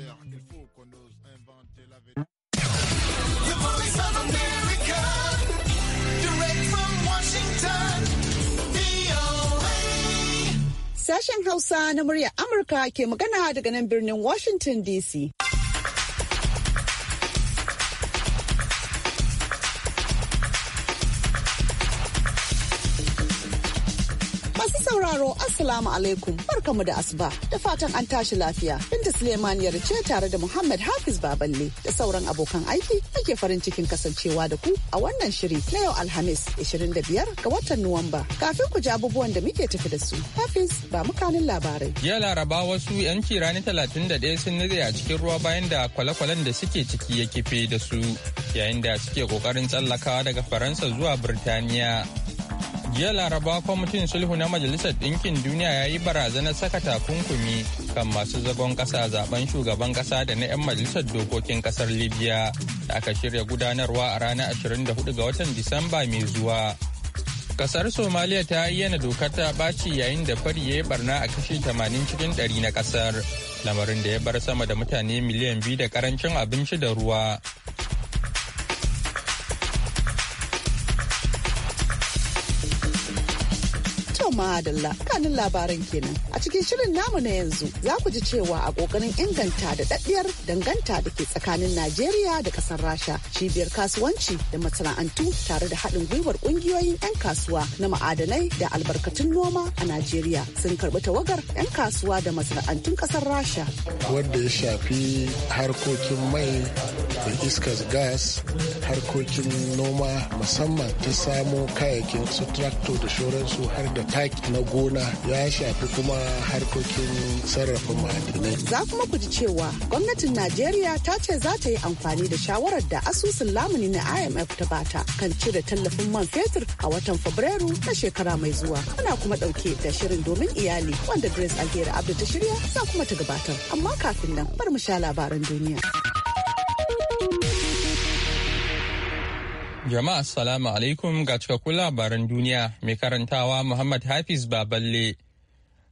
cher qu'il faut qu'on ose inventer la vérité. The voice of America, direct from Washington, Sashen Hausa na muryar Amurka ke magana daga nan birnin Washington DC. Assalamu alaikum barkamu da asuba da fatan an tashi lafiya. Binta Suleiman yarce tare da Muhammad Hafiz Baballe da sauran abokan aiki ake farin cikin kasancewa da ku a wannan shiri na yau Alhamis 25 ga watan Nuwamba. Kafin ku ji abubuwan da muke tafi da su. Hafiz ba kanin labarai. Ya laraba wasu 'yan da 31 sun nade a cikin ruwa bayan da kwale-kwalen da suke ciki ya kife da su yayin da suke kokarin tsallakawa daga Faransa zuwa Birtaniya. jiya laraba kwamitin sulhu na majalisar ɗinkin duniya ya yi barazanar saka takunkumi kan masu zagon ƙasa zaben shugaban ƙasa da na 'yan majalisar dokokin ƙasar libya da aka shirya gudanarwa a ranar 24 ga watan disamba mai zuwa ƙasar somaliya ta ayyana dokar ta ɓaci yayin da fari ya yi barna a kashi 80 cikin 100 na ƙasar lamarin da ya bar sama da mutane miliyan biyu da karancin abinci da ruwa To ma'adalla kanin labaran kenan. A cikin shirin namu na yanzu za ku ji cewa a kokarin inganta da daddiyar danganta da ke tsakanin Najeriya da kasar Rasha cibiyar kasuwanci da masana'antu tare da haɗin gwiwar ƙungiyoyin 'yan kasuwa na ma'adanai da albarkatun noma a Najeriya sun karɓi tawagar 'yan kasuwa da masana'antun kasar Rasha. Wanda ya shafi harkokin mai da iskas gas harkokin noma musamman ta samo kayayyakin su tractor da shoransu har da taki na gona ya shafi kuma harkokin sarrafa ma'adinai. Za kuma ku ji cewa gwamnatin Najeriya ta ce za ta yi amfani da shawarar da asusun lamuni na IMF ta bata kan cire tallafin man fetur a watan Fabrairu na shekara mai zuwa. Ana kuma ɗauke da shirin domin iyali wanda Grace Algeria Abdu ta shirya za kuma ta gabatar. Amma kafin nan bar mu sha labaran duniya. Jama'a salamu alaikum ga cikakkun labaran duniya mai karantawa Muhammad Hafiz Baballe.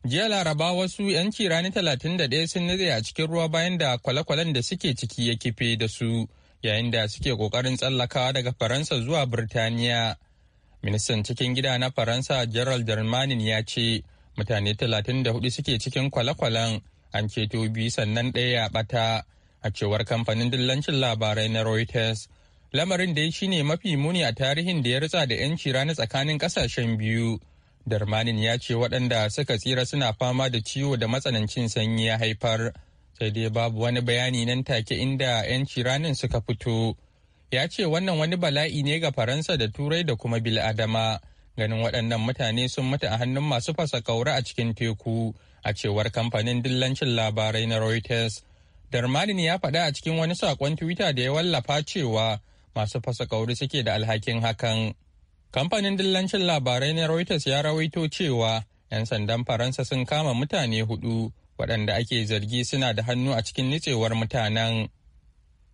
Jiya laraba wasu 'yanci rani 31 sun nutse a cikin ruwa bayan da kwale-kwalen da suke ciki ya kife da su yayin da suke kokarin tsallakawa daga Faransa zuwa Birtaniya. Ministan cikin gida na Faransa Gerald Darmanin ya ce mutane 34 suke cikin kwale-kwalen an ceto biyu sannan ɗaya ya ɓata a cewar kamfanin dillancin labarai na Reuters. lamarin da ya ne mafi muni a tarihin da ya ritsa da 'yanci rana tsakanin kasashen biyu darmanin ya ce waɗanda suka tsira suna fama da ciwo da matsanancin sanyi ya haifar sai dai babu wani bayani nan take inda 'yanci ranin suka fito ya ce wannan wani bala'i ne ga faransa da turai da kuma bil'adama ganin waɗannan mutane sun mutu a hannun masu fasa kaura a cikin teku a cewar kamfanin dillancin labarai na reuters darmanin ya faɗa a cikin wani saƙon twitter da ya wallafa cewa masu fasa kauri suke da alhakin hakan. Kamfanin dillancin labarai na Reuters ya rawaito cewa 'yan sandan Faransa sun kama mutane hudu waɗanda ake zargi suna da hannu a cikin nitsewar mutanen.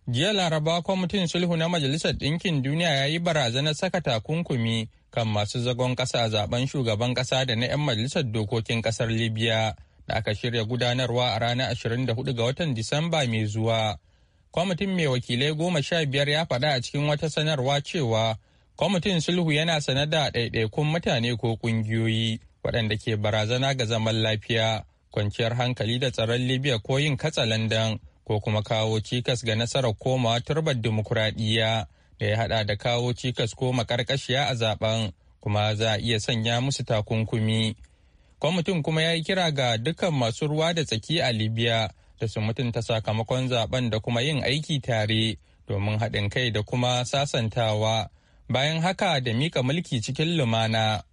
Jiya Laraba kwamitin sulhu na Majalisar Ɗinkin Duniya ya yi barazanar saka takunkumi kan masu zagon ƙasa a zaben shugaban ƙasa da na 'yan Majalisar Dokokin ƙasar Libya da aka shirya gudanarwa a ranar 24 ga watan Disamba mai zuwa. kwamitin mai wakilai goma sha biyar ya faɗa a cikin wata sanarwa cewa kwamitin sulhu yana sane da ɗaiɗaikun mutane ko ƙungiyoyi waɗanda ke barazana ga zaman lafiya kwanciyar hankali da tsaron libya ko yin katsalandan ko kuma kawo cikas ga nasarar komawa turbar dimokuraɗiyya da ya haɗa da kawo cikas ko maƙarƙashiya a zaben kuma za a iya sanya musu takunkumi kwamitin kuma ya yi kira ga dukkan masu ruwa da tsaki a libya da su mutunta sakamakon zaben da kuma yin aiki tare domin haɗin kai da kuma sasantawa bayan haka da mika mulki cikin lumana.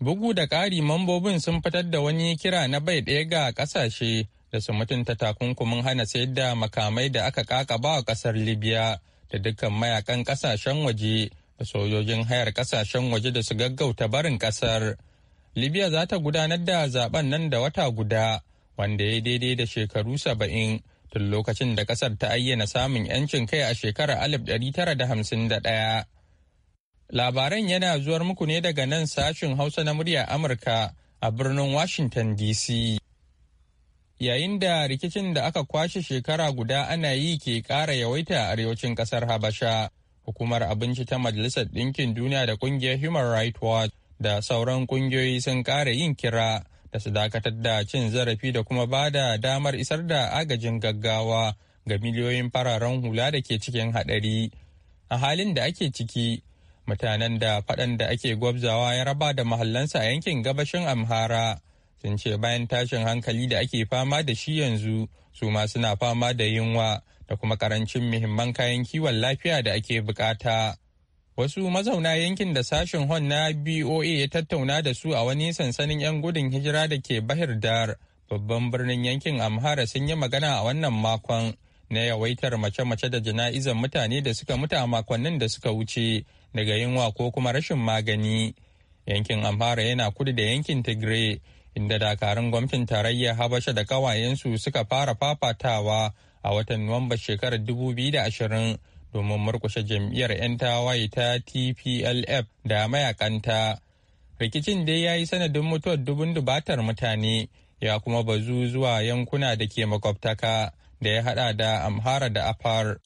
Bugu da ƙari mambobin sun fitar da wani kira na bai ɗaya ga ƙasashe da su mutunta takunkumin hana sayar da makamai da aka ƙaƙa a ƙasar Libya da dukkan mayakan ƙasashen waje da sojojin hayar ƙasashen waje da su gaggauta barin ƙasar. Libya za ta gudanar da zaben nan da wata guda wanda ya daidai da shekaru saba'in tun lokacin da ƙasar ta ayyana samun 'yancin kai a shekarar alif tara da hamsin 1951. Labaran yana zuwar muku ne daga nan sashin Hausa na murya Amurka a birnin Washington DC. Yayin da rikicin da aka kwashe shekara guda ana yi ke ƙara yawaita a arewacin ƙasar Habasha, hukumar abinci ta Majalisar Ɗinkin Duniya da ƙungiyar Human Rights Watch da sauran ƙungiyoyi sun ƙara yin kira da su dakatar da cin zarafi da kuma ba da damar isar da agajin gaggawa ga miliyoyin fararen hula da ke cikin haɗari a halin da ake ciki mutanen da faɗan da ake gwabzawa ya raba da mahallansa a yankin gabashin amhara sun ce bayan tashin hankali da ake fama da shi yanzu su ma suna fama da yunwa da kuma ƙarancin muhimman kayan kiwon lafiya da ake bukata. Wasu mazauna yankin da sashen Hon na BOA ya tattauna da su a wani sansanin 'yan gudun hijira da ke Bahir Dar, babban birnin yankin Amhara sun yi magana a wannan makon na yawaitar mace-mace da jana'izan mutane da suka mutu a makonnin da suka wuce daga yunwa ko kuma rashin magani. Yankin Amhara yana kudu da yankin Tigray, inda dakarun gwamnatin tarayyar Habasha da kawayensu suka fara fafatawa a watan Nuwamba shekarar 2020. domin murkushe jam'iyyar 'yan tawaye ta tplf da mayakanta rikicin dai ya yi sanadin mutuwar dubun dubatar mutane ya kuma bazu zuwa yankuna da ke makwabtaka da ya hada da amhara da afar.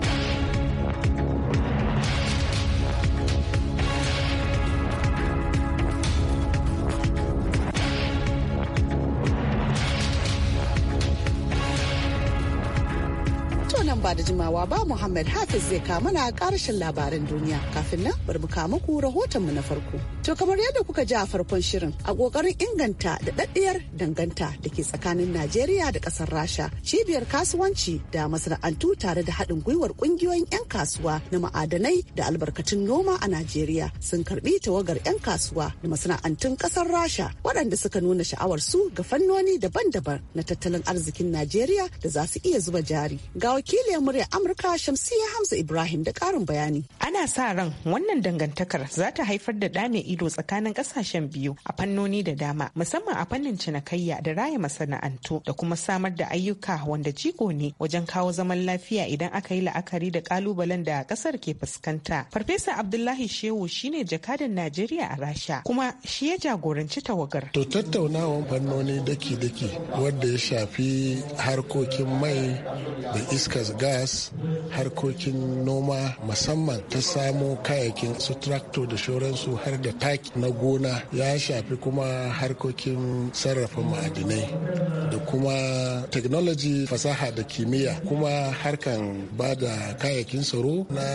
ba da jimawa ba Muhammad Hafiz zai kama na karshen labaran duniya kafin nan bari mu kama ku mu na farko. To kamar yadda kuka ji a farkon shirin a kokarin inganta da daddiyar danganta da ke tsakanin Najeriya da kasar Rasha cibiyar kasuwanci da masana'antu tare da haɗin gwiwar ƙungiyoyin 'yan kasuwa na ma'adanai da albarkatun noma a Najeriya sun karɓi tawagar 'yan kasuwa da masana'antun kasar Rasha waɗanda suka nuna sha'awar su ga fannoni daban-daban na tattalin arzikin Najeriya da za su iya zuba jari. Ga wakilin wakilin murya Amurka Shamsiyya Hamza Ibrahim da karin bayani. Ana sa ran wannan dangantakar za ta haifar da ɗa ido tsakanin ƙasashen biyu a fannoni da dama musamman a fannin cinikayya da raya masana'antu da kuma samar da ayyuka wanda jigo ne wajen kawo zaman lafiya idan aka yi la'akari da kalubalen da ƙasar ke fuskanta. Farfesa Abdullahi Shehu shine jakadan Najeriya a Rasha kuma shi ya jagoranci tawagar. To tattaunawan fannoni daki-daki wanda ya shafi harkokin mai da iskar gas harkokin noma musamman ta samo kayayyakin su tractor da shoransu har da taki na gona ya shafi kuma harkokin sarrafa ma'adinai da kuma technology fasaha da kimiyya kuma harkan ba da kayayyakin tsaro na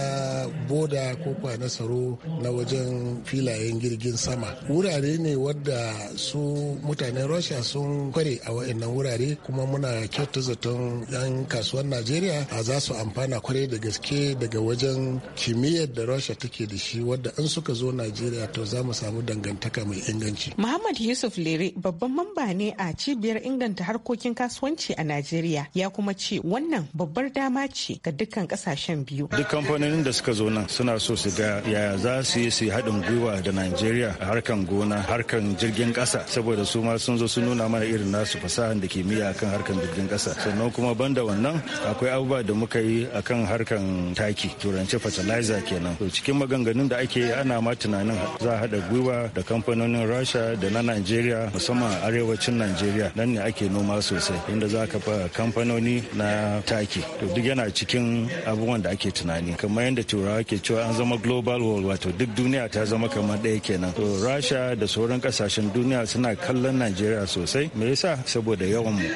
boda ko na tsaro na wajen filayen jirgin sama wurare ne wadda su mutanen russia sun kware a wa'annan wurare kuma muna kyautu zaton yan kasuwan najeriya a za su amfana kwarai da gaske daga wajen kimiyyar da Rasha take da shi wadda an suka zo Najeriya to za mu samu dangantaka mai inganci. Muhammad Yusuf Lere babban mamba ne a cibiyar inganta harkokin kasuwanci a Najeriya ya kuma ce wannan babbar dama ce ga dukkan kasashen biyu. Duk kamfanonin da suka zo nan suna so su ga yaya za su yi su haɗin gwiwa da Najeriya a harkan gona harkan jirgin ƙasa saboda su ma sun zo sun nuna mana irin nasu fasahan da kimiyya kan harkan jirgin ƙasa sannan kuma banda wannan akwai abubuwa da da muka yi a kan harkan taki turanci fertilizer kenan to cikin maganganun da ake ana ma tunanin za a haɗa gwiwa da kamfanonin rasha da na nigeria musamman a arewacin nigeria nan ne ake noma sosai inda za ka fa kamfanoni na taki to duk yana cikin abubuwan da ake tunani kamar yadda turawa ke cewa an zama global world wato duk duniya ta zama kamar ɗaya kenan to rasha da sauran kasashen duniya suna kallon nigeria sosai me yasa saboda yawan mu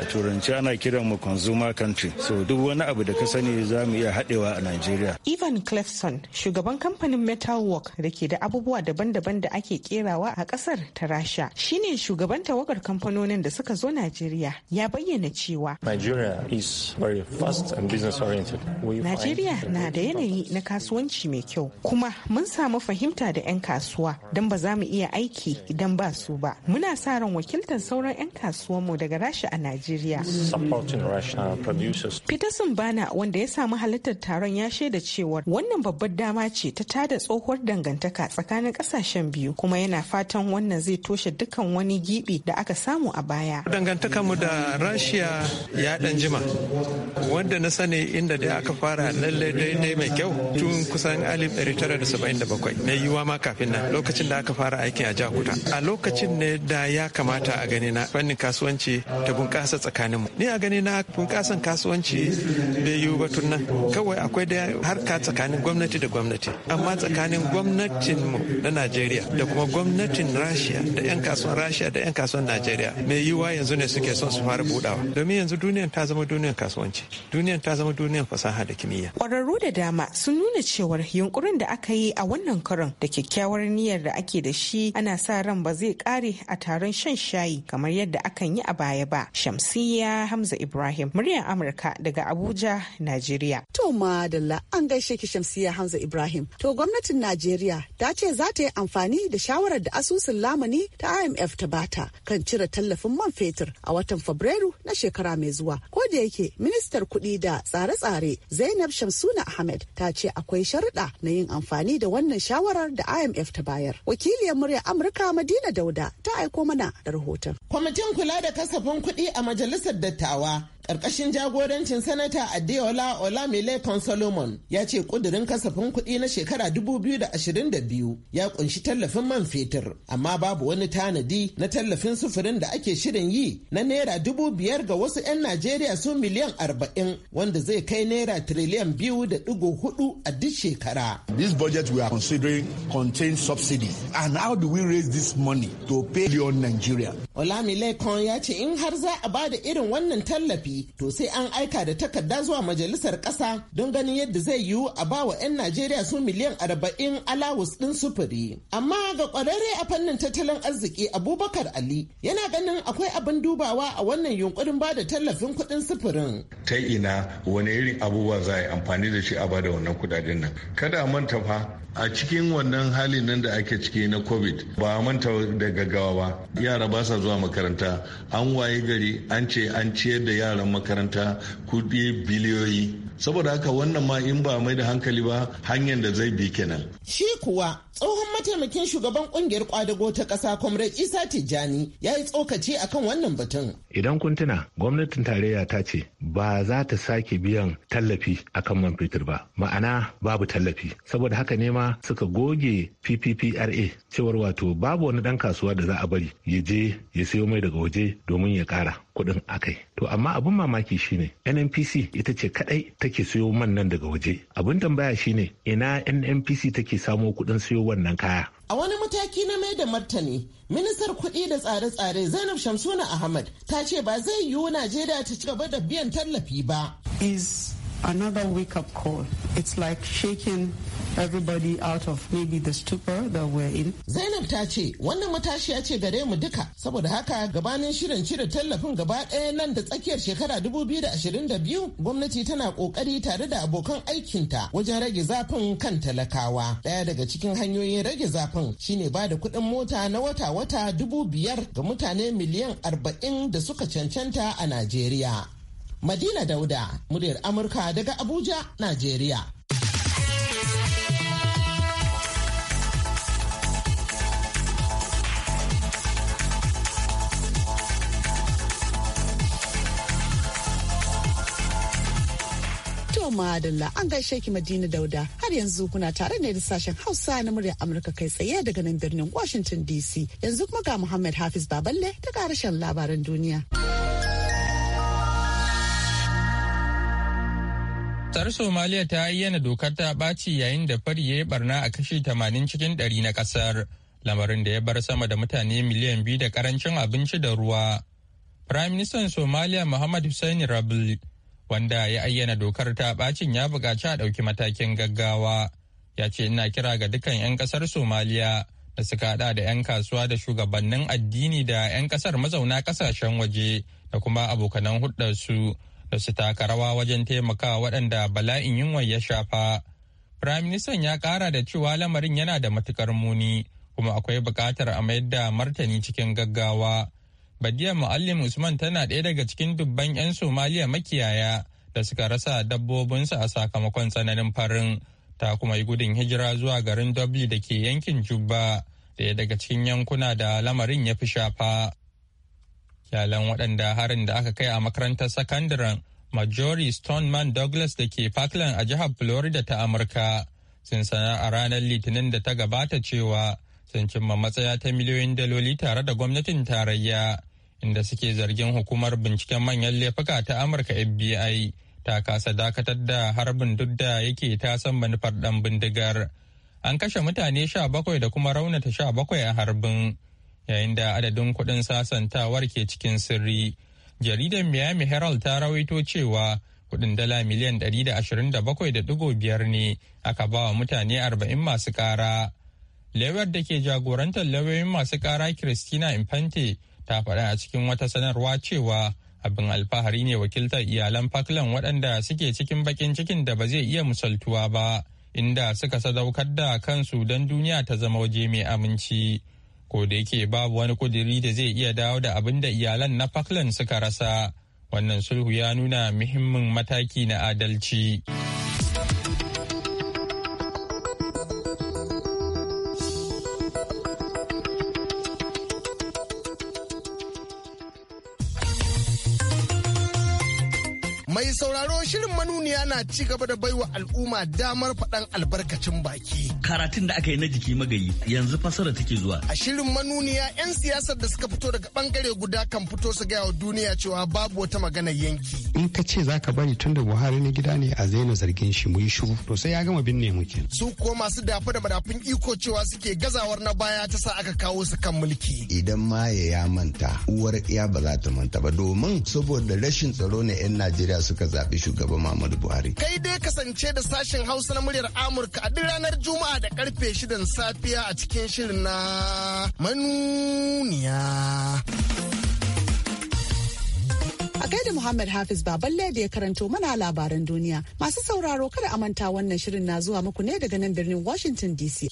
a turanci ana kiran mu consumer country so duk wani abu da ka sani za mu iya haɗewa a Najeriya. Ivan Clefson, shugaban kamfanin Metalwork da ke da abubuwa daban-daban da ake kerawa a ƙasar ta Rasha, shi ne shugaban tawagar kamfanonin da suka zo Najeriya ya bayyana cewa. Nigeria is very fast and business oriented. Najeriya na da yanayi na kasuwanci mai kyau kuma mun samu fahimta da 'yan kasuwa don ba za mu iya aiki idan ba su ba. Muna sa ran wakiltar sauran 'yan kasuwanmu daga Rasha a Najeriya. Peterson bana wanda ya samu halittar taron ya shaida cewar wannan babbar dama ce ta tada tsohuwar dangantaka tsakanin kasashen biyu kuma yana fatan wannan zai toshe dukkan wani gibi da aka samu a baya. Dangantaka mu da Rashiya ya dan jima wanda na sani inda dai aka fara dai dai mai kyau tun kusan 1977 na yiwa ma kafin nan lokacin da aka fara aiki a Jakuta. A lokacin ne da ya kamata a gani na fannin kasuwanci ta bunƙasa tsakaninmu. Ni a gani na bunkasan kasuwanci bai yiwu ba tunan kawai akwai da harka tsakanin gwamnati da gwamnati amma tsakanin gwamnatin mu na najeriya da kuma gwamnatin rashiya da yan kasuwan rashiya da yan kasuwan najeriya mai yiwuwa yanzu ne suke son su fara budawa domin yanzu duniyan ta zama duniyan kasuwanci duniyan ta zama duniyan fasaha da kimiyya kwararru da dama sun nuna cewar yunkurin da aka yi a wannan karon da kyakkyawar niyyar da ake da shi ana sa ran ba zai kare a taron shan shayi kamar yadda akan yi a baya ba shamsiya hamza ibrahim muryar amurka daga abu Abuja, Najeriya. To Madalla an gaishe ki Shamsiya Hamza Ibrahim. To gwamnatin Najeriya ta ce za ta yi amfani da shawarar da asusun lamani ta IMF ta bata kan cire tallafin man fetur a watan Fabrairu na shekara mai zuwa. Ko da yake ministar kuɗi da tsare-tsare Zainab Shamsuna Ahmed ta ce akwai sharuɗa na yin amfani da wannan shawarar da IMF ta bayar. Wakiliyar murya Amurka Madina Dauda ta aiko mana da rahoton. Kwamitin kula da kasafin kuɗi a majalisar dattawa ƙarƙashin jagorancin sanata adeola olamilekon solomon ya ce ƙudurin kasafin kuɗi na shekara 2022 ya ƙunshi tallafin man fetur amma babu wani tanadi na tallafin sufurin da ake shirin yi na naira dubu biyar ga wasu 'yan najeriya su miliyan arba'in wanda zai kai naira triliyan biyu da ɗigo hudu a duk shekara. this budget we are considering contains subsidy and how do we raise this money to pay your nigeria. olamilekon ya ce in har za a da irin wannan tallafi yi to sai an aika da takarda zuwa majalisar ƙasa don ganin yadda zai yiwu a ba wa 'yan Najeriya su miliyan arba'in alawus ɗin sufuri. Amma ga ƙwararre a fannin tattalin arziki Abubakar Ali yana ganin akwai abin dubawa a wannan yunkurin ba da tallafin kuɗin sufurin. Ta ina wani irin abubuwa za a yi amfani da shi a ba da wannan kuɗaɗen nan. Kada a manta fa a cikin wannan halin nan da ake ciki na covid ba a manta da gaggawa ba yara ba sa zuwa makaranta an waye gari an ce an ciyar da yaran makaranta kudi biliyoyi saboda haka wannan ma in ba mai da hankali ba hanyar da zai bi kenan shi kuwa tsohon mataimakin shugaban kungiyar kwadago ta kasa comrade isa tijjani ya yi tsokaci akan wannan batun idan kun tuna gwamnatin tarayya ta ce ba za ta sake biyan tallafi akan man fetur ba ma'ana babu tallafi saboda haka ne ma suka goge pppra cewar wato babu wani dan kasuwa da za a bari ya je ya sayo mai daga waje domin ya kara kuɗin akai to amma abin mamaki shine nnpc ita ce kadai take siyo man nan daga waje abin tambaya shine ina nnpc take samo kuɗin siyo wannan kaya a wani mataki na mai da martani ministar kuɗi da tsare-tsare zainab shamsuna ahmad ta ce ba zai yiwu najeriya ta ci gaba da biyan tallafi ba is another wake up call. It's like shaking everybody out of maybe the stupor that we're in. Zainab ta ce wannan matashiya ce gare mu duka saboda haka gabanin shirin cire tallafin gaba ɗaya nan da tsakiyar shekara 2022 gwamnati tana ƙoƙari tare da abokan aikinta wajen rage zafin kan talakawa. Ɗaya daga cikin hanyoyin rage zafin shine ba da kuɗin mota na wata-wata dubu biyar ga mutane miliyan 40 da suka cancanta a Najeriya. Madina Dauda, muryar Amurka daga Abuja, Najeriya. Madalla an gaishe ki Madina Dauda har yanzu kuna tare ne da sashen Hausa na muryar Amurka kai tsaye daga nan birnin Washington DC yanzu kuma ga Muhammad Hafiz Baballe ta karashen labaran duniya. kasar Somaliya ta ayyana dokar ta ɓaci yayin da fari ya yi barna a kashi 80 cikin 100 na ƙasar, lamarin da ya bar sama da mutane miliyan biyu da karancin abinci da ruwa. Prime Minister Somaliya Muhammad Hussein Rabil, wanda ya ayyana dokar ta ɓacin ya buƙaci a ɗauki matakin gaggawa. Ya ce ina kira ga dukkan 'yan kasar Somaliya da suka haɗa da 'yan kasuwa da shugabannin addini da 'yan kasar mazauna ƙasashen waje da kuma abokanan hulɗarsu su da su taka rawa wajen taimaka waɗanda bala'in yunwa ya shafa. Firaministan ya ƙara da cewa lamarin yana da matukar muni kuma akwai buƙatar a mayar da martani cikin gaggawa. Badiya Muallim Usman tana ɗaya daga cikin dubban 'yan Somaliya makiyaya da suka rasa dabbobinsu a sakamakon tsananin farin. Ta kuma yi gudun hijira zuwa garin Dublin da ke yankin Jubba, ɗaya daga cikin yankuna da lamarin ya fi shafa. iyalan waɗanda harin da aka kai a makarantar sakandaren majori Stoneman Douglas da ke Parkland a jihar Florida ta Amurka sun sana a ranar Litinin da ta gabata cewa sun cimma matsaya ta miliyoyin daloli tare da gwamnatin tarayya inda suke zargin hukumar binciken manyan laifuka ta Amurka FBI ta kasa dakatar da harbin duk da yake ta san manufar dan bindigar. An kashe mutane sha bakwai da kuma raunata sha bakwai a harbin. yayin da adadin kuɗin sasantawar ke cikin sirri jaridar miami herald ta rawaito cewa kuɗin dala miliyan 127.5 ne aka ba wa mutane 40 masu ƙara lewar da ke jagorantar lauyoyin masu ƙara christina infante ta faɗa a cikin wata sanarwa cewa abin alfahari ne wakiltar iyalan Falkland waɗanda suke cikin bakin cikin da ba zai iya musaltuwa ba inda suka sadaukar da kansu don duniya ta zama waje mai aminci. ko da yake babu wani kudiri da zai iya dawo da abin da iyalan na Falkland suka rasa. Wannan sulhu ya nuna muhimmin mataki na adalci. Mai sauraro shirin manuniya na ci gaba da baiwa al'umma damar faɗan albarkacin baki. Karatun da aka yi na jiki magayi yanzu fasara take zuwa. A shirin manuniya 'yan siyasar da suka fito daga bangare guda kan fito su gaya wa duniya cewa babu wata magana yanki. In ka ce zaka bari tun da Buhari na gida ne a zaina zargin shi mu yi shiru to sai ya gama binne muke. Su ko masu dafa da madafin iko cewa suke gazawar na baya ta sa aka kawo su kan mulki. Idan ma ya manta uwar iya ba za ta manta ba domin saboda rashin tsaro na 'yan Najeriya suka zaɓi shugaban Muhammadu Buhari. Kai dai kasance da sashen Hausa na muryar Amurka a duk ranar Juma'a da karfe shidan safiya a cikin shirin na manuniya. A gaida Muhammad Hafiz Baballe da ya karanto mana labaran duniya. Masu sauraro kada a manta wannan shirin na zuwa muku ne daga nan birnin Washington DC.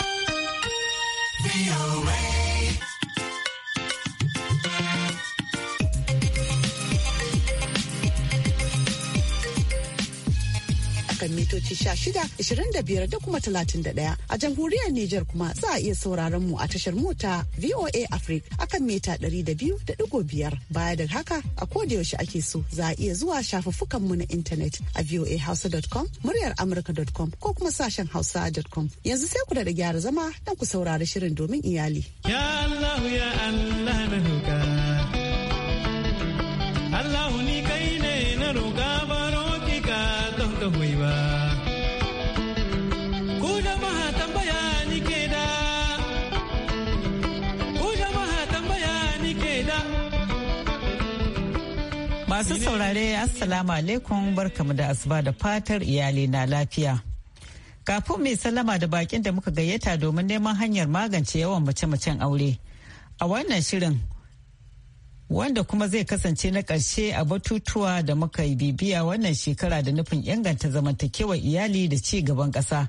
mitoci shida 25 da kuma 31 a jamhuriyar Nijar kuma za a iya sauraron mu a tashar mota VOA Africa akan mita 200.5 baya da haka a koda yaushe ake so za a iya zuwa shafuffukan mu na intanet a voahausa.com muryar amurka.com ko kuma sashen hausa.com yanzu sai ku da gyara zama don ku saurari shirin domin iyali. Ya ni Masu saurare Assalamu alaikum barkamu da asuba da fatar iyali na lafiya. Kafin mai sallama da bakin da muka gayyata domin neman hanyar magance yawan mace-macen aure. A wannan shirin wanda kuma zai kasance na ƙarshe a batutuwa da muka yi bibiya wannan shekara da nufin inganta zamantakewar iyali da ci gaban ƙasa.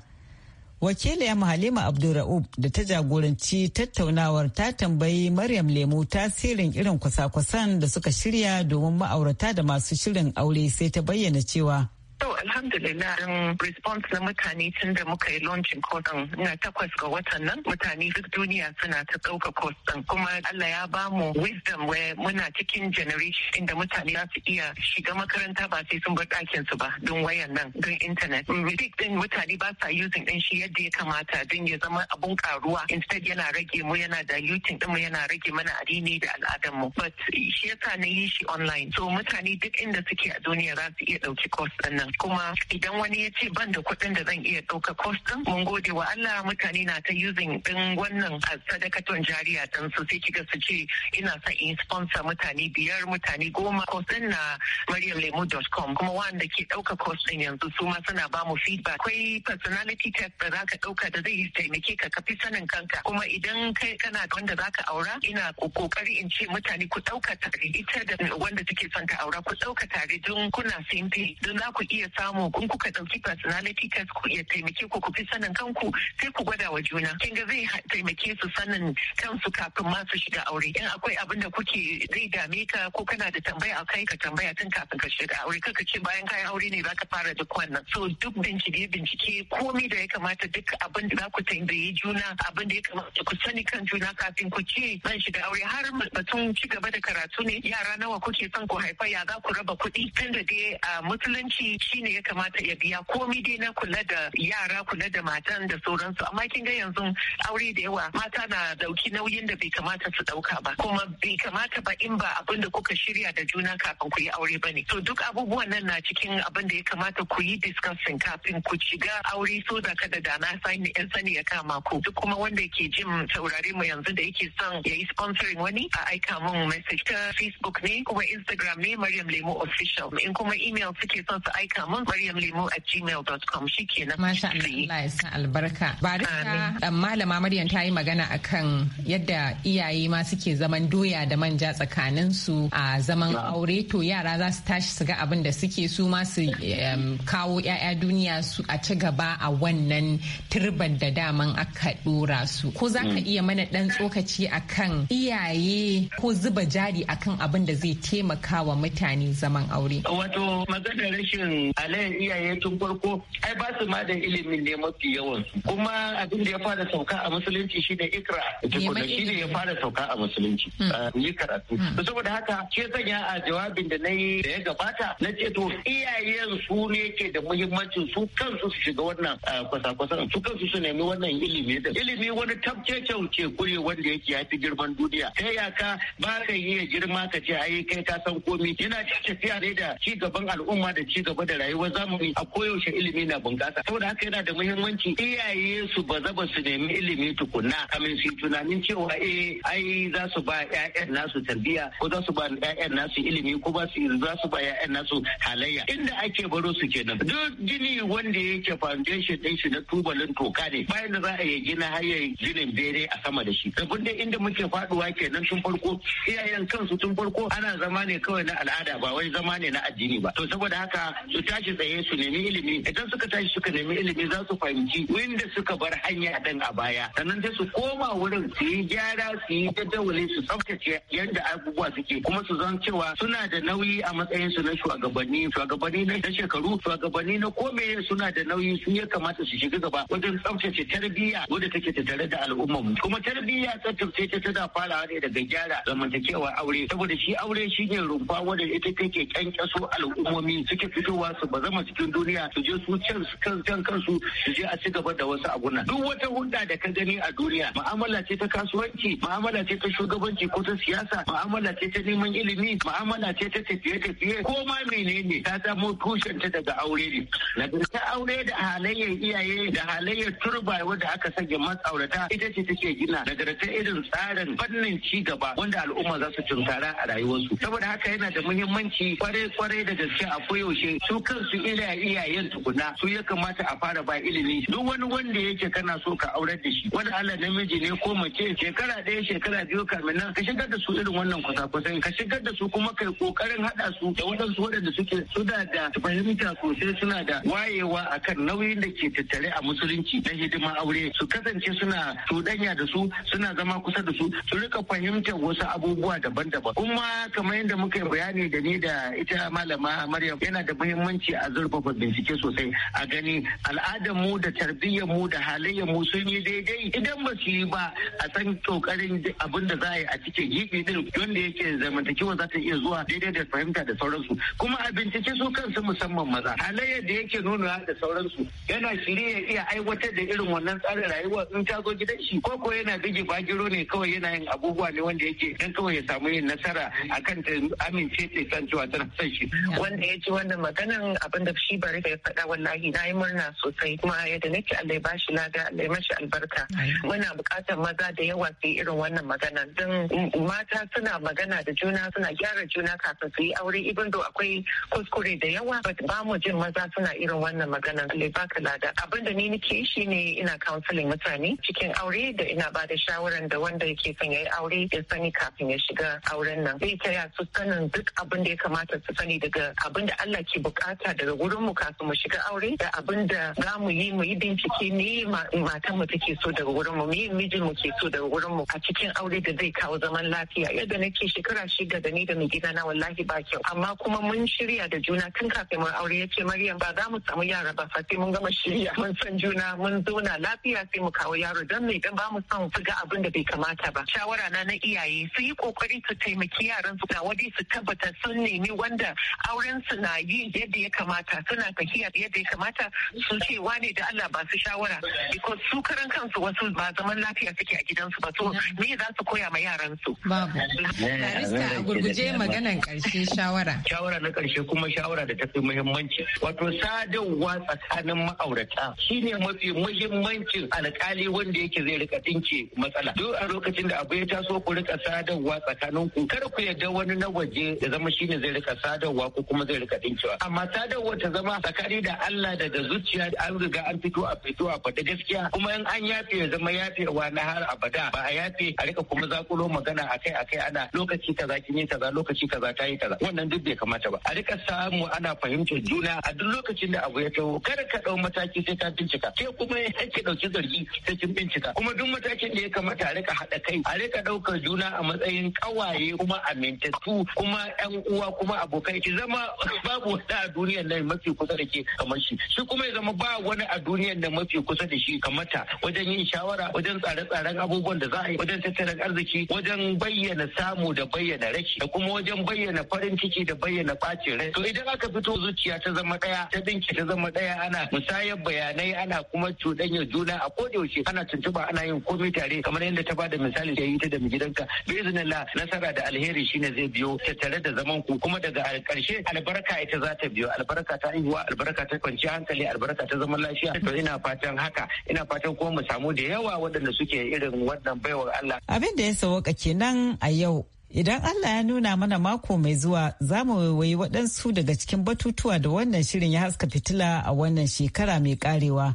wakiliyar halima abdulra'ub da ta jagoranci tattaunawar ta tambayi maryam lemu tasirin irin kwasa-kwasan da suka shirya domin ma'aurata da masu shirin aure sai ta bayyana cewa To alhamdulillah don um, response na mutane tun da muka yi launching kodin na takwas ga watan nan mutane duk duniya suna ta ɗauka course din kuma Allah ya ba mu wisdom where muna cikin generation inda mutane za su iya shiga makaranta ba sai sun bar ɗakin su ba don wayan nan don internet. Big mm, din mutane ba sa using din shi yadda ya kamata don ya zama abun karuwa instead yana rage mu yana da din mu yana rage mana addini da al'adar mu but shi yasa na yi shi online so mutane duk inda suke a duniya za su iya ɗauki course din nan. nan kuma idan wani ya ce ban da kuɗin da zan iya ɗauka course mun gode wa Allah mutane na ta using din wannan a sadakaton jariya ɗin su sai kiga su ce ina sa in sponsor mutane biyar mutane goma na din na maryamlemu.com kuma wanda ke ɗauka course ɗin yanzu su ma suna ba mu feedback akwai personality test da zaka ɗauka da zai taimake ka ka fi sanin kanka kuma idan kai kana wanda ka aura ina kokari in ce mutane ku ɗauka tare ita da wanda take son ta aura ku ɗauka tare don kuna page don za ku iya samu kun kuka ɗauki personality test ku iya taimake ku ku fi sanin kanku sai ku gwada wa juna kin ga zai taimake su sanin kansu kafin ma su shiga aure in akwai abin da kuke zai dame ka ko kana da tambaya akai ka tambaya tun kafin ka shiga aure kaka ce bayan kayan aure ne zaka fara duk wannan so duk bincike bincike komai da ya kamata duk abin da za ku tambayi juna abin da ya kamata ku sani kan juna kafin ku ce zan shiga aure har batun ci gaba da karatu ne yara nawa kuke son ku haifa ya za ku raba kuɗi tun da dai a musulunci Shi ne ya kamata ya biya komi dai na kula da yara kula da matan da sauransu amma kin ga yanzu aure da yawa mata na dauki nauyin da bai kamata su dauka ba kuma bai kamata ba in ba abin da kuka shirya da juna kafin ku yi aure ba ne. to duk abubuwan nan na cikin abin da ya kamata ku yi discussing kafin ku shiga aure so da kada da na sani yan sani ya kama ku duk kuma wanda yake jin saurare mu yanzu da yake son ya yi sponsoring wani a aika mun message ta Facebook ne kuma Instagram ne Maryam Lemo official in kuma email suke son su aika aika mun maryam lemo at gmail.com shi kenan. Masha Allah ya sa albarka. Barista dan um, malama Maryam ta yi magana akan yadda iyaye ma suke zaman doya da manja tsakanin su a zaman aure to yara za su tashi su ga abin da suke su ma su um, kawo 'ya'ya duniya su a ci gaba a wannan turban da daman aka dora su. Ko za ka mm. iya mana ɗan tsokaci akan iyaye ko zuba jari akan abin da zai taimaka wa mutane zaman aure. Wato maganar rashin wannan iyaye tun farko ai ba su ma da ilimin ne mafi yawan kuma abin da ya fara sauka a musulunci shi ne ikra tukuna shi ne ya fara sauka a musulunci yi hmm. ah, karatu hmm. saboda haka ke sanya a jawabin da na yi da ya gabata na ce to iyayen su ne ke da muhimmancin su kansu su shiga wannan ah, kwasa-kwasan su kansu su nemi wannan ilimi da ilimi wani tabkeken ce gure wanda yake ya fi girman duniya ta yaka ba ka iya girma ka ce ai kai ka san komi yana tafiya ne da ci gaban al'umma da ci gaba da rayuwa rayuwar zamani a koyaushe ilimi na bunƙasa saboda haka yana da muhimmanci iyaye su ba zaba su nemi ilimi tukunna kamin su tunanin cewa eh ai za su ba ƴaƴan nasu tarbiyya ko za su ba ƴaƴan nasu ilimi ko ba su za su ba ƴaƴan nasu halayya inda ake baro su kenan duk gini wanda yake foundation din shi na tubalin toka ne bayan da za a yi gina hayar ginin bere a sama da shi kafin dai inda muke faɗuwa kenan tun farko iyayen kansu tun farko ana zama ne kawai na al'ada ba wai zama ne na addini ba to saboda haka tashi tsaye su nemi ilimi idan suka tashi suka nemi ilimi za su fahimci wanda suka bar hanya dan a baya sannan sai su koma wurin su yi gyara su yi jadawali su tsaftace yadda abubuwa suke kuma su zan cewa suna da nauyi a matsayin su na shugabanni shugabanni na shekaru shugabanni na kome suna da nauyi su ya kamata su shiga gaba wajen tsaftace tarbiyya wadda take tattare da al'ummarmu kuma tarbiyya tsaftace ta tana farawa ne daga gyara zamantakewar aure saboda shi aure shine rumfa wadda ita take kyankyaso al'ummomi suke fitowa rayuwa su ba zama cikin duniya su je su can su kan kansu su je a ci gaba da wasu na duk wata hulɗa da ka gani a duniya ma'amala ce ta kasuwanci ma'amala ce ta shugabanci ko ta siyasa ma'amala ce ta neman ilimi ma'amala ce ta tafiye-tafiye ko ma menene ta samo tushen ta daga aure ne nagarta aure da halayyar iyaye da halayyar turba wanda aka sanya masu aurata ita ce take gina nagarta irin tsarin fannin ci gaba wanda al'umma za su tunkara a rayuwarsu saboda haka yana da muhimmanci kwarai-kwarai da gaske a koyaushe su su kansu ila iyayen tukuna su ya kamata a fara ba ilimi duk wani wanda yake kana so ka aurar da shi wani Allah namiji ne ko mace shekara ɗaya shekara biyu kamin nan ka shigar da su irin wannan kusa-kusan ka shigar da su kuma kai kokarin haɗa su da waɗansu waɗanda suke su da da fahimta sosai suna da wayewa akan nauyin da ke tattare a musulunci na hidima aure su kasance suna cuɗanya da su suna zama kusa da su su rika fahimtar wasu abubuwa daban-daban kuma kamar yadda muka yi bayani da ni da ita malama Maryam yana da muhimmanci muhimmanci a zurfafa bincike sosai a gani al'adar mu da tarbiyyar mu da halayyar mu sun yi daidai idan ba su yi ba a san kokarin abin da za a yi a cikin gibi din wanda yake zamantakewa za ta iya zuwa daidai da fahimta da sauransu kuma a bincike su kansu musamman maza halayyar da yake nuna da sauransu yana shirye ya iya aiwatar da irin wannan tsarin rayuwa in ta zo gidan shi ko ko yana bigi bagiro ne kawai yana yin abubuwa ne wanda yake dan kawai ya samu yin nasara akan ta amince ta kan cewa tana son shi wanda ya ci wannan wannan abin da shi bari ya faɗa wallahi na yi murna sosai kuma yadda nake allai ba bashi lada allai mashi albarka muna buƙatar maza da yawa su yi irin wannan magana don mata suna magana da juna suna gyara juna kafin su yi aure ibindo akwai kuskure da yawa ba mu jin maza suna irin wannan magana allai ba baka lada abin da ni nake shi ne ina counseling mutane cikin aure da ina ba da shawaran da wanda yake son ya yi aure ya sani kafin ya shiga auren nan zai taya su sanin duk abin da ya kamata su sani daga abin da Allah ke buƙata bukata daga gurin mu kafin mu shiga aure da abin da za mu yi mu yi bincike ne matan mu take so daga gurin mu me mijin mu ke so daga gurin mu a cikin aure da zai kawo zaman lafiya yadda nake shekara shida da ni da mai gida na wallahi ba kyau amma kuma mun shirya da juna tun kafin mu aure yace Maryam ba za mu samu yara ba fa sai mun gama shirya mun san juna mun zauna lafiya sai mu kawo yaro dan mai dan ba mu san su ga abin da bai kamata ba shawara na na iyaye su yi kokari su taimaki yaran su na wadi su tabbata sun nemi wanda auren su na yi yadda yadda ya kamata suna tafiya yadda ya kamata su ce wane da Allah ba su shawara because su karan kansu wasu ba zaman lafiya suke a gidansu ba to me za su koya ma yaran su babu barista a gurguje maganan karshe shawara shawara na karshe kuma shawara da ta fi muhimmanci wato sadarwa tsakanin ma'aurata shine mafi muhimmancin alƙali wanda yake zai rika dinke matsala duk a lokacin da abu ya taso ku rika sadarwa tsakanin ku ku yarda wani na waje da zama shine zai rika sadarwa ko kuma zai rika dinkewa amma sadarwa ta zama tsakani da Allah daga zuciya an riga an fito a fito a fada gaskiya kuma in an yafe zama zama yafewa na har abada ba a yafe a rika kuma zakulo magana akai akai ana lokaci kaza kin yi kaza lokaci kaza ta yi kaza wannan duk bai kamata ba a rika samu ana fahimtar juna a duk lokacin da abu ya taho kada ka dau mataki sai ka bincika sai kuma ki dauki zargi sai kin bincika kuma duk matakin da ya kamata a rika hada kai a rika ɗaukar juna a matsayin kawaye kuma amintattu kuma 'yan uwa kuma abokai ki zama babu wani duniyar nan mafi kusa da ke kamar shi shi kuma ya zama ba wani a duniyar nan mafi kusa da shi kamar ta wajen yin shawara wajen tsare-tsaren abubuwan da za a yi wajen tattalin arziki wajen bayyana samu da bayyana rashi da kuma wajen bayyana farin ciki da bayyana bacin rai to idan aka fito zuciya ta zama daya ta dinki ta zama ɗaya ana musayar bayanai ana kuma cuɗanyar juna a kodayaushe ana tuntuba ana yin komai tare kamar yadda ta bada misali ta yi ta da gidanka bizinillah nasara da alheri shine zai biyo tattare da zaman ku kuma daga karshe albarka ita za ta biyo arewa albarka ta haihuwa albarka ta kwanciya hankali albarka ta zaman lafiya to ina fatan haka ina fatan kuma mu samu da yawa waɗanda suke irin wannan baiwar Allah abin da ya sauka kenan a yau Idan Allah ya nuna mana mako mai zuwa za mu waiwayi waɗansu daga cikin batutuwa da wannan shirin ya haska fitila a wannan shekara mai karewa.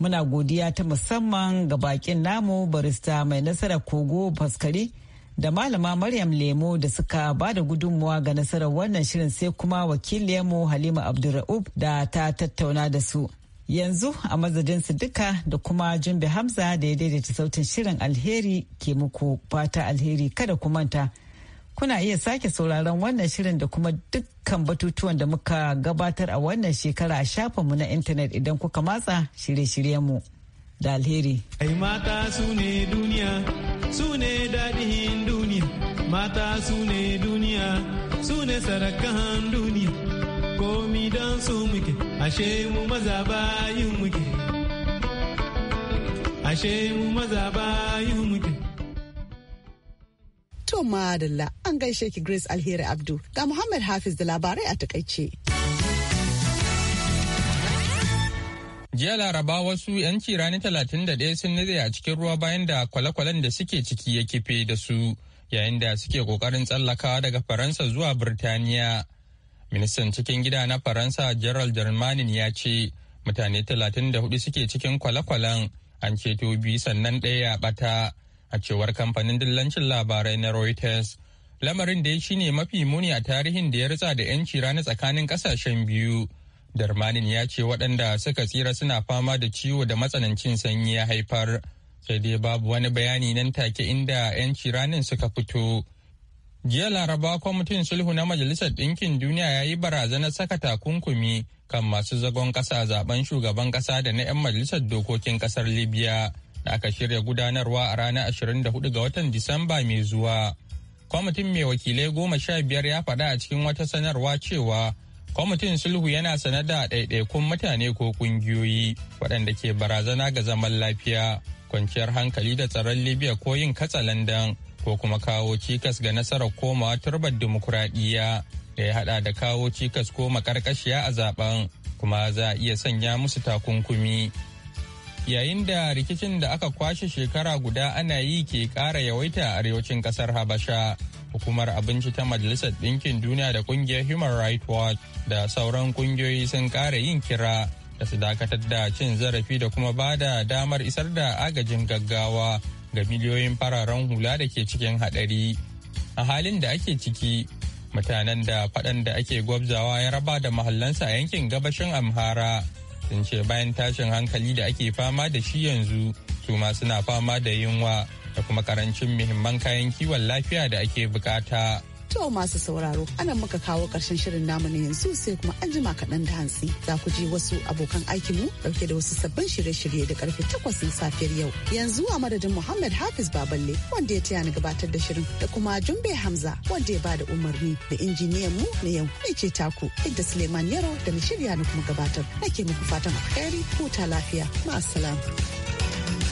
Muna godiya ta musamman ga bakin namu barista mai nasara kogo faskari. da malama Maryam Lemo da suka ba da gudunmuwa ga nasarar wannan shirin sai kuma wakiliyarmu Halima Abdulra'ub da ta tattauna da su. Yanzu a mazajinsu su duka da kuma Jumbe Hamza da ya daidaita sautin shirin alheri ke muku fata alheri kada ku manta. Kuna iya sake sauraron wannan shirin da kuma dukkan batutuwan da muka gabatar a wannan shekara a shafinmu na intanet idan kuka matsa shirye-shiryenmu. da alheri. Ai mata su ne duniya, su ne daɗin duniya, mata su ne duniya, su ne sarakan duniya. Komi don su muke, ashe mu maza bayin muke. Ashe mu maza bayin muke. To madalla an gaishe ki Grace Alheri Abdu ga Muhammad Hafiz da labarai a takaice. Jiya Laraba wasu 'yanci rani 31 sun nutse a cikin ruwa bayan da kwale-kwalen da suke ciki ya kife da su yayin da suke kokarin tsallakawa daga Faransa zuwa Birtaniya. Ministan cikin gida na Faransa Gerald Germanin ya ce mutane talatin da hudu suke cikin kwale-kwalen an ceto biyu sannan ɗaya ya ɓata a cewar kamfanin dillancin labarai na Reuters. Lamarin da ya shine mafi muni a tarihin da ya ritsa da 'yanci rani tsakanin ƙasashen biyu. darmanin ya ce waɗanda suka tsira suna fama da ciwo da matsanancin sanyi ya haifar sai dai babu wani bayani nan take inda 'yanci ranin suka fito jiya laraba kwamitin sulhu na majalisar ɗinkin duniya ya yi barazanar saka takunkumi kan masu zagon ƙasa zaben shugaban ƙasa da na 'yan majalisar dokokin ƙasar libya da aka shirya gudanarwa a ranar 24 ga watan disamba mai zuwa kwamitin mai wakilai goma sha biyar ya faɗa a cikin wata sanarwa cewa kwamitin sulhu yana sane da ɗaiɗaikun mutane ko ƙungiyoyi waɗanda ke barazana ga zaman lafiya kwanciyar hankali da tsaron libya ko yin katsalandan ko kuma kawo cikas ga nasarar komawa turbar dimokuraɗiyya da ya haɗa da kawo cikas ko maƙarƙashiya a zaben kuma za a iya sanya musu takunkumi yayin da rikicin da aka kwashe shekara guda ana yi ke ƙara yawaita a arewacin ƙasar habasha hukumar abinci ta majalisar ɗinkin duniya da ƙungiyar human rights watch da sauran ƙungiyoyi sun ƙara yin kira da su dakatar da cin zarafi da kuma ba da damar isar da agajin gaggawa ga miliyoyin fararen hula da ke cikin haɗari a halin da ake ciki mutanen da faɗan da ake gwabzawa ya raba da mahallansa a yankin gabashin amhara sun ce bayan tashin hankali da ake fama da shi yanzu su ma suna fama da yunwa da kuma karancin muhimman kayan kiwon lafiya da ake bukata. To masu sauraro, anan muka kawo karshen shirin namu na yanzu sai kuma an jima kaɗan da hantsi. Za ku ji wasu abokan aikinmu ɗauke da wasu sabbin shirye-shirye da karfe takwas na safiyar yau. Yanzu a madadin Muhammad Hafiz Baballe wanda ya taya ni gabatar da shirin da kuma Jumbe Hamza wanda ya bada umarni da injiniyan mu na yau ne ce taku inda Suleiman Yaro da na shirya na kuma gabatar. Nake muku fatan alheri, huta lafiya, ma'asalam.